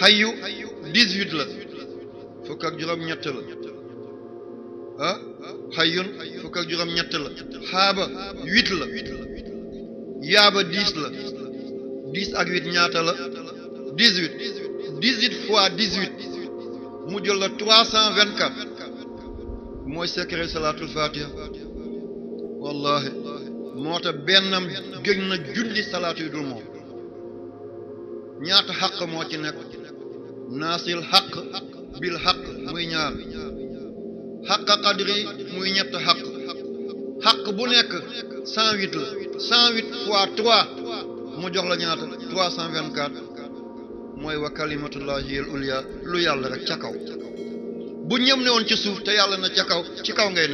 hayu 18 la fuk ak juram ñett la ha ah? hayun fuk ak juram ñett la haba 8 la yaba 10 la 10 ak 8 ñaata la 18 18 fois 18 mu jël la 324 moy que salatul fatiha wallahi mota benam gegn na julli salatu dul mom ñaata xaq moo ci nekk bil xaq muy ñaar xaq qadri muy ñett xaq xaq bu 108 la 108 fois 3 mu jox la ñaata 324 mooy wa kalimatullahi al ulya lu yàlla rek ca kaw bu ñëm ne woon ci suuf te yàlla na ca kaw ci kaw ngay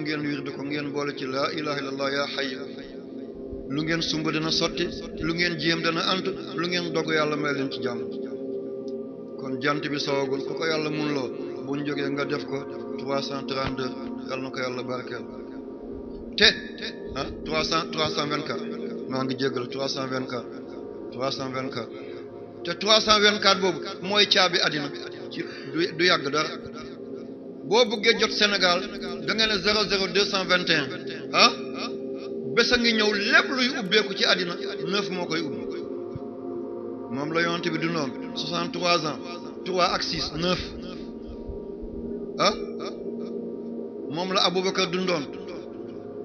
ngeen wirdu ko ngeen ci ilaha illallah lu ngeen sumb dana sotti lu ngeen jéem dana ant lu ngeen dog yàlla may leen ci jàmm kon jant bi soowagul ku ko yàlla mun loo bu ñu nga def ko 332 yàlla na ko yàlla barkeel te ah 300 324 maa ngi jégal 324 324 te 324 boobu mooy caabi àddina ci du yàgg dara boo bëggee jot Sénégal da nga ne 00221 ah. bessa ñew lepp luy ubbeeku ci adina 9 mo koy ubbe mom la yonte bi du nom 63 ans 3 axis, 6 9 ah mom la abubakar dundon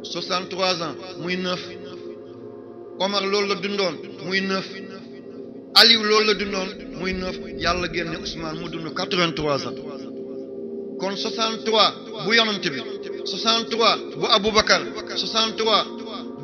63 ans muy 9 omar lolou la dundon muy 9 aliou lolou la dundon muy 9 yalla genné ousmane mu dund 83 ans kon 63 bu yonante bi 63 bu abubakar 63